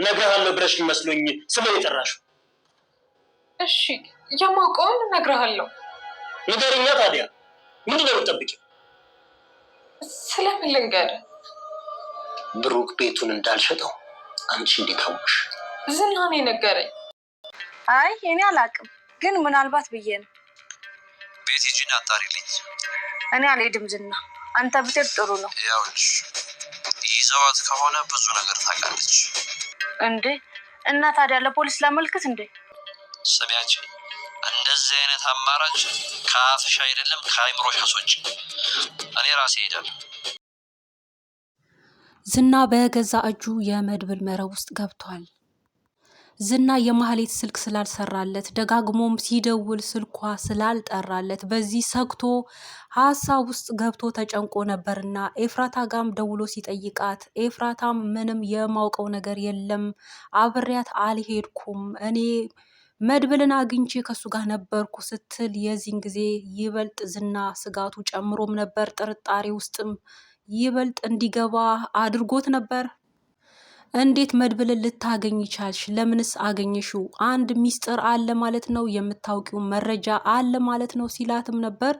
እነግርሃለሁ ብለሽ መስሎኝ ስለ የጠራሽው። እሺ የማውቀውን እነግርሃለሁ። ንገርኛ ታዲያ ምንድን ነው የምትጠብቂው? ስለምን ልንገርህ? ብሩክ ቤቱን እንዳልሸጠው አንቺ እንዴት አወቅሽ? ዝናኔ ነገረኝ። አይ እኔ አላውቅም፣ ግን ምናልባት ብዬ ነው። ቤት ሂጂና አጣሪልኝ። እኔ አልሄድም ዝና፣ አንተ ብትሄድ ጥሩ ነው። ያውች ይዘዋት ከሆነ ብዙ ነገር ታውቃለች። እንዴ! እና ታዲያ ለፖሊስ ላመልክት እንዴ? ስሚያቸው፣ እንደዚህ አይነት አማራጭ ከአፍሽ አይደለም ከአይምሮሽ ሻሶች እኔ ራሴ እሄዳለሁ። ዝና በገዛ እጁ የመድብል መረብ ውስጥ ገብቷል። ዝና የማህሌት ስልክ ስላልሰራለት ደጋግሞም ሲደውል ስልኳ ስላልጠራለት በዚህ ሰግቶ ሀሳብ ውስጥ ገብቶ ተጨንቆ ነበርና ኤፍራታ ጋም ደውሎ ሲጠይቃት ኤፍራታም ምንም የማውቀው ነገር የለም፣ አብሬያት አልሄድኩም እኔ መድብልን አግኝቼ ከሱ ጋር ነበርኩ ስትል የዚህን ጊዜ ይበልጥ ዝና ስጋቱ ጨምሮም ነበር። ጥርጣሬ ውስጥም ይበልጥ እንዲገባ አድርጎት ነበር። እንዴት መድብልን ልታገኝ ቻልሽ? ለምንስ አገኘሽው? አንድ ሚስጥር አለ ማለት ነው፣ የምታውቂው መረጃ አለ ማለት ነው ሲላትም ነበር።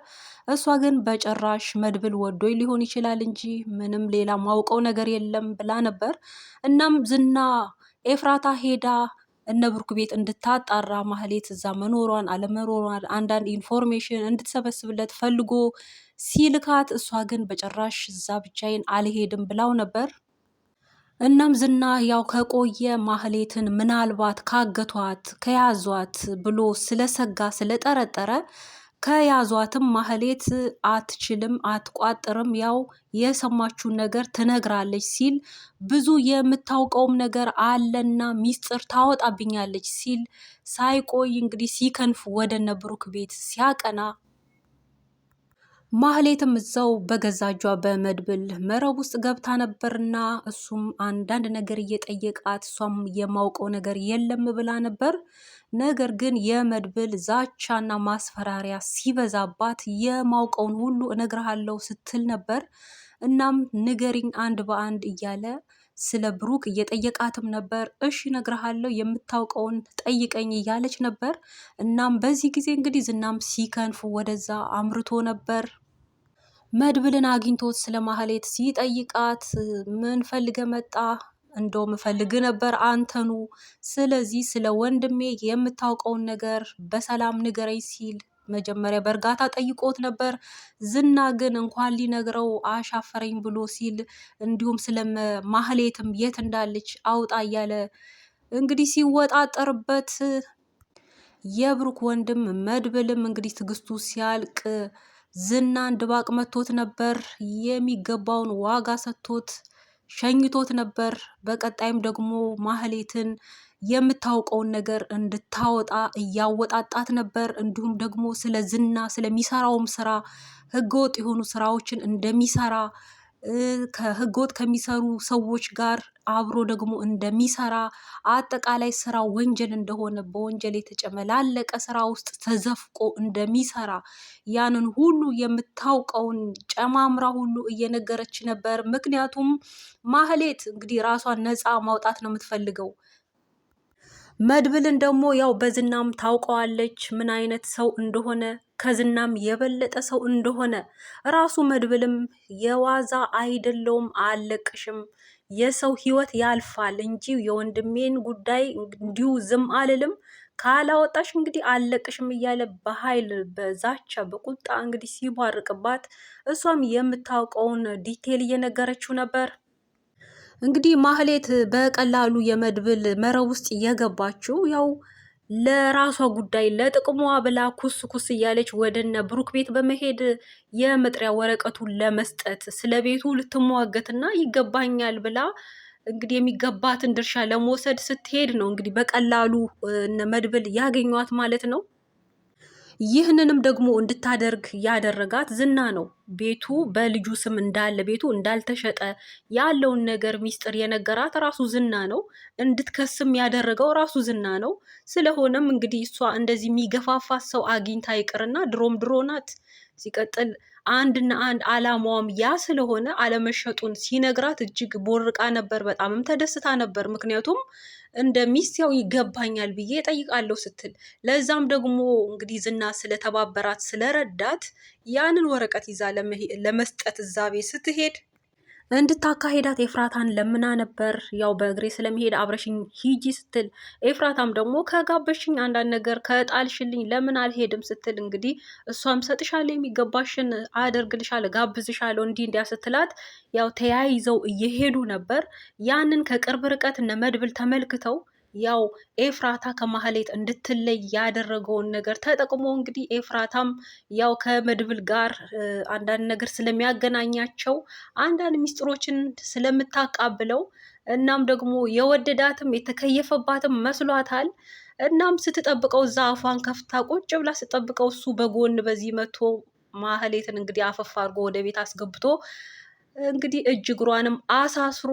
እሷ ግን በጭራሽ መድብል ወዶኝ ሊሆን ይችላል እንጂ ምንም ሌላ ማውቀው ነገር የለም ብላ ነበር። እናም ዝና ኤፍራታ ሄዳ እነ ብሩክ ቤት እንድታጣራ ማህሌት እዛ መኖሯን አለመኖሯን አንዳንድ ኢንፎርሜሽን እንድትሰበስብለት ፈልጎ ሲልካት፣ እሷ ግን በጭራሽ እዛ ብቻዬን አልሄድም ብላው ነበር። እናም ዝና ያው ከቆየ ማህሌትን ምናልባት ካገቷት ከያዟት ብሎ ስለሰጋ ስለጠረጠረ ከያዟትም ማህሌት አትችልም፣ አትቋጥርም፣ ያው የሰማችውን ነገር ትነግራለች ሲል ብዙ የምታውቀውም ነገር አለና ሚስጥር ታወጣብኛለች ሲል ሳይቆይ እንግዲህ ሲከንፍ ወደ ነብሩክ ቤት ሲያቀና ማህሌትም እዛው በገዛ እጇ በመድብል መረብ ውስጥ ገብታ ነበርና እሱም አንዳንድ ነገር እየጠየቃት እሷም የማውቀው ነገር የለም ብላ ነበር። ነገር ግን የመድብል ዛቻና ማስፈራሪያ ሲበዛባት የማውቀውን ሁሉ እነግርሃለሁ ስትል ነበር። እናም ንገሪኝ አንድ በአንድ እያለ ስለ ብሩክ እየጠየቃትም ነበር። እሺ ነግረሃለሁ፣ የምታውቀውን ጠይቀኝ እያለች ነበር። እናም በዚህ ጊዜ እንግዲህ ዝናም ሲከንፉ ወደዛ አምርቶ ነበር። መድብልን አግኝቶት ስለ ማህሌት ሲጠይቃት ምን ፈልገ መጣ? እንደው ምፈልግ ነበር አንተኑ። ስለዚህ ስለ ወንድሜ የምታውቀውን ነገር በሰላም ንገረኝ ሲል መጀመሪያ በእርጋታ ጠይቆት ነበር። ዝና ግን እንኳን ሊነግረው አሻፈረኝ ብሎ ሲል እንዲሁም ስለ ማህሌትም የት እንዳለች አውጣ እያለ እንግዲህ ሲወጣጠርበት የብሩክ ወንድም መድብልም እንግዲህ ትዕግስቱ ሲያልቅ ዝናን ድባቅ መቶት ነበር። የሚገባውን ዋጋ ሰጥቶት ሸኝቶት ነበር። በቀጣይም ደግሞ ማህሌትን የምታውቀውን ነገር እንድታወጣ እያወጣጣት ነበር። እንዲሁም ደግሞ ስለ ዝና ስለሚሰራውም ስራ ህገወጥ የሆኑ ስራዎችን እንደሚሰራ ከህገወጥ ከሚሰሩ ሰዎች ጋር አብሮ ደግሞ እንደሚሰራ አጠቃላይ ስራ ወንጀል እንደሆነ በወንጀል የተጨመላለቀ ስራ ውስጥ ተዘፍቆ እንደሚሰራ ያንን ሁሉ የምታውቀውን ጨማምራ ሁሉ እየነገረች ነበር። ምክንያቱም ማህሌት እንግዲህ ራሷን ነፃ ማውጣት ነው የምትፈልገው። መድብልን ደግሞ ያው በዝናም ታውቀዋለች ምን አይነት ሰው እንደሆነ ከዝናም የበለጠ ሰው እንደሆነ ራሱ መድብልም የዋዛ አይደለውም፣ አለቅሽም የሰው ህይወት ያልፋል እንጂ የወንድሜን ጉዳይ እንዲሁ ዝም አልልም፣ ካላወጣሽ እንግዲህ አለቅሽም እያለ በኃይል በዛቻ በቁጣ እንግዲህ ሲቧርቅባት እሷም የምታውቀውን ዲቴል እየነገረችው ነበር። እንግዲህ ማህሌት በቀላሉ የመድብል መረብ ውስጥ የገባችው ያው ለራሷ ጉዳይ ለጥቅሟ ብላ ኩስ ኩስ እያለች ወደነ ብሩክ ቤት በመሄድ የመጥሪያ ወረቀቱን ለመስጠት ስለ ቤቱ ልትሟገትና ይገባኛል ብላ እንግዲህ የሚገባትን ድርሻ ለመውሰድ ስትሄድ ነው እንግዲህ በቀላሉ እነ መድብል ያገኟት ማለት ነው። ይህንንም ደግሞ እንድታደርግ ያደረጋት ዝና ነው። ቤቱ በልጁ ስም እንዳለ ቤቱ እንዳልተሸጠ ያለውን ነገር ሚስጥር የነገራት ራሱ ዝና ነው። እንድትከስም ያደረገው ራሱ ዝና ነው። ስለሆነም እንግዲህ እሷ እንደዚህ የሚገፋፋት ሰው አግኝታ ይቅርና ድሮም ድሮ ናት ሲቀጥል አንድና አንድ አላማዋም ያ ስለሆነ አለመሸጡን ሲነግራት እጅግ ቦርቃ ነበር። በጣምም ተደስታ ነበር። ምክንያቱም እንደ ሚስት ያው ይገባኛል ብዬ እጠይቃለሁ ስትል፣ ለዛም ደግሞ እንግዲህ ዝና ስለተባበራት ስለረዳት ያንን ወረቀት ይዛ ለመስጠት እዛቤ ስትሄድ እንድታካሄዳት ኤፍራታን ለምና ነበር። ያው በእግሬ ስለመሄድ አብረሽኝ ሂጂ ስትል ኤፍራታም ደግሞ ከጋበሽኝ አንዳንድ ነገር ከጣልሽልኝ ለምን አልሄድም ስትል እንግዲህ እሷም ሰጥሻለሁ፣ የሚገባሽን አደርግልሻለሁ፣ ጋብዝሻለሁ እንዲህ እንዲያ ስትላት ያው ተያይዘው እየሄዱ ነበር። ያንን ከቅርብ ርቀት እነ መድብል ተመልክተው ያው ኤፍራታ ከማህሌት እንድትለይ ያደረገውን ነገር ተጠቅሞ እንግዲህ ኤፍራታም ያው ከመድብል ጋር አንዳንድ ነገር ስለሚያገናኛቸው አንዳንድ ሚስጥሮችን ስለምታቃብለው እናም ደግሞ የወደዳትም የተከየፈባትም መስሏታል። እናም ስትጠብቀው እዛ አፏን ከፍታ ቁጭ ብላ ስትጠብቀው እሱ በጎን በዚህ መቶ ማህሌትን እንግዲህ አፈፍ አድርጎ ወደ ቤት አስገብቶ እንግዲህ እጅ እግሯንም አሳስሮ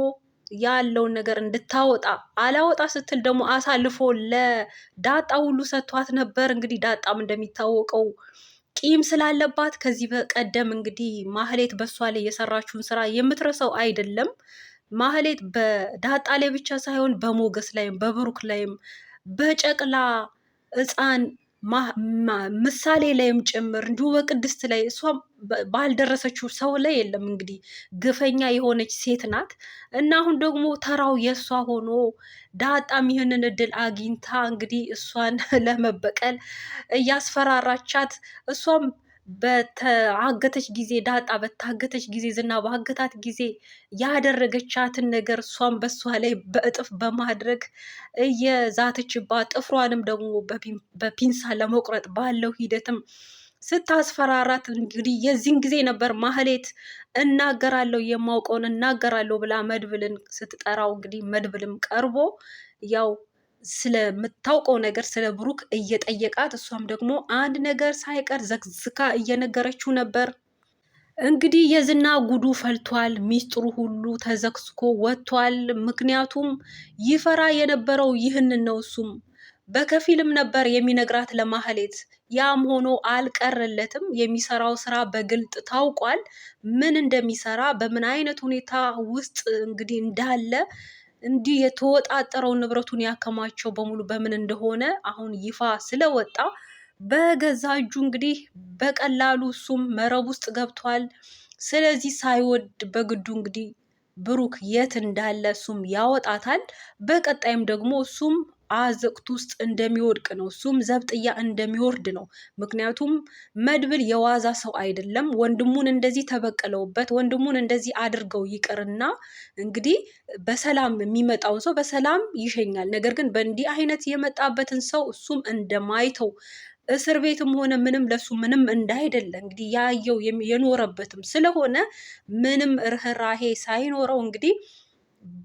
ያለውን ነገር እንድታወጣ አላወጣ ስትል ደግሞ አሳልፎ ለዳጣ ሁሉ ሰጥቷት ነበር። እንግዲህ ዳጣም እንደሚታወቀው ቂም ስላለባት ከዚህ በቀደም እንግዲህ ማህሌት በእሷ ላይ የሰራችውን ስራ የምትረሳው አይደለም። ማህሌት በዳጣ ላይ ብቻ ሳይሆን በሞገስ ላይም በብሩክ ላይም በጨቅላ ሕፃን ምሳሌ ላይም ጭምር እንዲሁ በቅድስት ላይ እሷ ባልደረሰችው ሰው ላይ የለም እንግዲህ ግፈኛ የሆነች ሴት ናት እና አሁን ደግሞ ተራው የእሷ ሆኖ ዳጣም ይህንን እድል አግኝታ እንግዲህ እሷን ለመበቀል እያስፈራራቻት እሷም በተአገተች ጊዜ ዳጣ በታገተች ጊዜ ዝና በአገታት ጊዜ ያደረገቻትን ነገር እሷን በሷ ላይ በእጥፍ በማድረግ እየዛተችባት ጥፍሯንም ደግሞ በፒንሳ ለመቁረጥ ባለው ሂደትም ስታስፈራራት እንግዲህ የዚህን ጊዜ ነበር ማህሌት እናገራለሁ የማውቀውን እናገራለሁ ብላ መድብልን ስትጠራው እንግዲህ መድብልም ቀርቦ ያው ስለምታውቀው ነገር ስለ ብሩክ እየጠየቃት እሷም ደግሞ አንድ ነገር ሳይቀር ዘግዝካ እየነገረችው ነበር። እንግዲህ የዝና ጉዱ ፈልቷል። ሚስጥሩ ሁሉ ተዘግዝኮ ወጥቷል። ምክንያቱም ይፈራ የነበረው ይህንን ነው። እሱም በከፊልም ነበር የሚነግራት ለማህሌት። ያም ሆኖ አልቀረለትም። የሚሰራው ስራ በግልጥ ታውቋል። ምን እንደሚሰራ በምን አይነት ሁኔታ ውስጥ እንግዲህ እንዳለ እንዲህ የተወጣጠረውን ንብረቱን ያከማቸው በሙሉ በምን እንደሆነ አሁን ይፋ ስለወጣ በገዛ እጁ እንግዲህ በቀላሉ እሱም መረብ ውስጥ ገብቷል። ስለዚህ ሳይወድ በግዱ እንግዲህ ብሩክ የት እንዳለ እሱም ያወጣታል። በቀጣይም ደግሞ እሱም አዘቅት ውስጥ እንደሚወድቅ ነው። እሱም ዘብጥያ እንደሚወርድ ነው። ምክንያቱም መድብል የዋዛ ሰው አይደለም። ወንድሙን እንደዚህ ተበቀለውበት፣ ወንድሙን እንደዚህ አድርገው ይቅርና እንግዲህ በሰላም የሚመጣውን ሰው በሰላም ይሸኛል። ነገር ግን በእንዲህ አይነት የመጣበትን ሰው እሱም እንደማይተው እስር ቤትም ሆነ ምንም ለሱ ምንም እንዳይደለ እንግዲህ ያየው የኖረበትም ስለሆነ ምንም ርኅራሄ ሳይኖረው እንግዲህ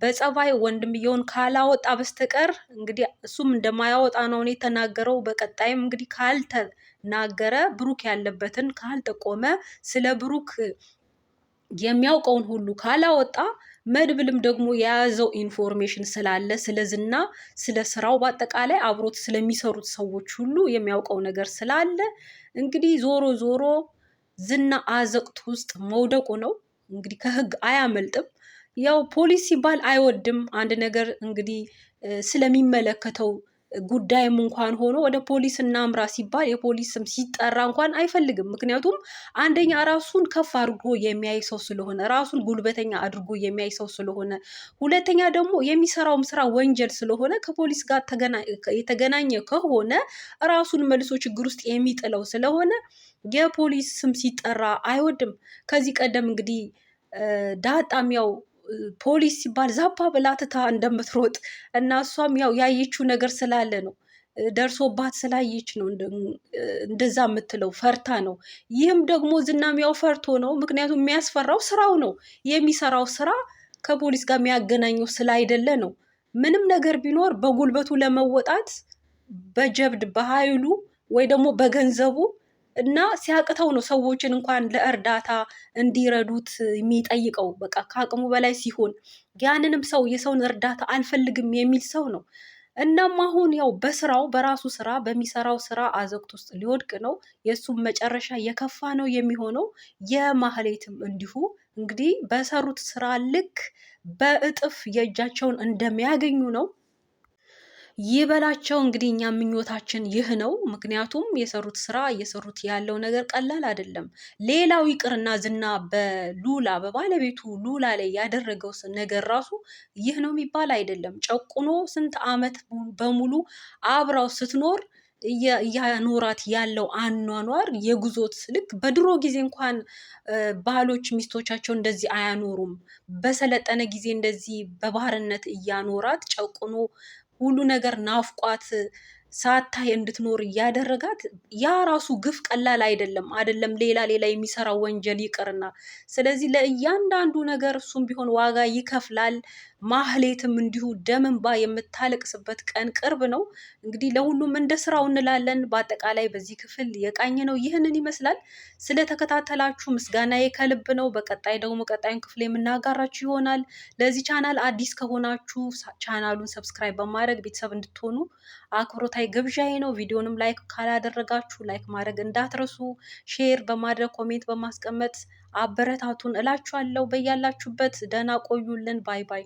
በጸባይ ወንድምየውን ካላወጣ በስተቀር እንግዲህ እሱም እንደማያወጣ ነው እኔ የተናገረው። በቀጣይም እንግዲህ ካልተናገረ ብሩክ ያለበትን ካልጠቆመ፣ ስለ ብሩክ የሚያውቀውን ሁሉ ካላወጣ መድብልም ደግሞ የያዘው ኢንፎርሜሽን ስላለ ስለ ዝና፣ ስለ ስራው፣ በአጠቃላይ አብሮት ስለሚሰሩት ሰዎች ሁሉ የሚያውቀው ነገር ስላለ እንግዲህ ዞሮ ዞሮ ዝና አዘቅት ውስጥ መውደቁ ነው። እንግዲህ ከህግ አያመልጥም። ያው ፖሊስ ሲባል አይወድም። አንድ ነገር እንግዲህ ስለሚመለከተው ጉዳይም እንኳን ሆኖ ወደ ፖሊስ እናምራ ሲባል የፖሊስም ሲጠራ እንኳን አይፈልግም። ምክንያቱም አንደኛ ራሱን ከፍ አድርጎ የሚያይ ሰው ስለሆነ፣ ራሱን ጉልበተኛ አድርጎ የሚያይ ሰው ስለሆነ፣ ሁለተኛ ደግሞ የሚሰራውም ስራ ወንጀል ስለሆነ ከፖሊስ ጋር የተገናኘ ከሆነ ራሱን መልሶ ችግር ውስጥ የሚጥለው ስለሆነ የፖሊስ ስም ሲጠራ አይወድም። ከዚህ ቀደም እንግዲህ ዳጣም ያው ፖሊስ ሲባል ዛባ ብላ ትታ እንደምትሮጥ እና እሷም ያው ያየችው ነገር ስላለ ነው ደርሶባት ስላየች ነው እንደዛ የምትለው ፈርታ ነው። ይህም ደግሞ ዝናም ያው ፈርቶ ነው። ምክንያቱም የሚያስፈራው ስራው ነው የሚሰራው ስራ ከፖሊስ ጋር የሚያገናኘው ስላይደለ ነው። ምንም ነገር ቢኖር በጉልበቱ ለመወጣት በጀብድ በኃይሉ ወይ ደግሞ በገንዘቡ እና ሲያቅተው ነው ሰዎችን እንኳን ለእርዳታ እንዲረዱት የሚጠይቀው። በቃ ከአቅሙ በላይ ሲሆን ያንንም ሰው የሰውን እርዳታ አልፈልግም የሚል ሰው ነው። እናም አሁን ያው በስራው በራሱ ስራ በሚሰራው ስራ አዘቅት ውስጥ ሊወድቅ ነው። የእሱም መጨረሻ የከፋ ነው የሚሆነው። የማህሌትም እንዲሁ እንግዲህ በሰሩት ስራ ልክ በእጥፍ የእጃቸውን እንደሚያገኙ ነው ይበላቸው። እንግዲህ እኛ ምኞታችን ይህ ነው። ምክንያቱም የሰሩት ስራ እየሰሩት ያለው ነገር ቀላል አይደለም። ሌላው ይቅርና ዝና በሉላ በባለቤቱ ሉላ ላይ ያደረገው ነገር ራሱ ይህ ነው የሚባል አይደለም። ጨቁኖ ስንት አመት በሙሉ አብራው ስትኖር እያኖራት ያለው አኗኗር የጉዞት ስልክ በድሮ ጊዜ እንኳን ባሎች ሚስቶቻቸው እንደዚህ አያኖሩም። በሰለጠነ ጊዜ እንደዚህ በባርነት እያኖራት ጨቁኖ ሁሉ ነገር ናፍቋት ሳታይ እንድትኖር እያደረጋት ያ ራሱ ግፍ ቀላል አይደለም። አይደለም ሌላ ሌላ የሚሰራው ወንጀል ይቅርና። ስለዚህ ለእያንዳንዱ ነገር እሱም ቢሆን ዋጋ ይከፍላል። ማህሌትም እንዲሁ ደም የምታለቅስበት ቀን ቅርብ ነው። እንግዲህ ለሁሉም እንደ ስራው እንላለን። በአጠቃላይ በዚህ ክፍል የቃኝ ነው ይህንን ይመስላል። ስለተከታተላችሁ ምስጋናዬ ከልብ ነው። በቀጣይ ደግሞ ቀጣዩን ክፍል የምናጋራችሁ ይሆናል። ለዚህ ቻናል አዲስ ከሆናችሁ ቻናሉን ሰብስክራይብ በማድረግ ቤተሰብ እንድትሆኑ አክብሮታዊ ግብዣዬ ነው። ቪዲዮንም ላይክ ካላደረጋችሁ ላይክ ማድረግ እንዳትረሱ፣ ሼር በማድረግ ኮሜንት በማስቀመጥ አበረታቱን እላችኋለሁ። በያላችሁበት ደህና ቆዩልን። ባይ ባይ።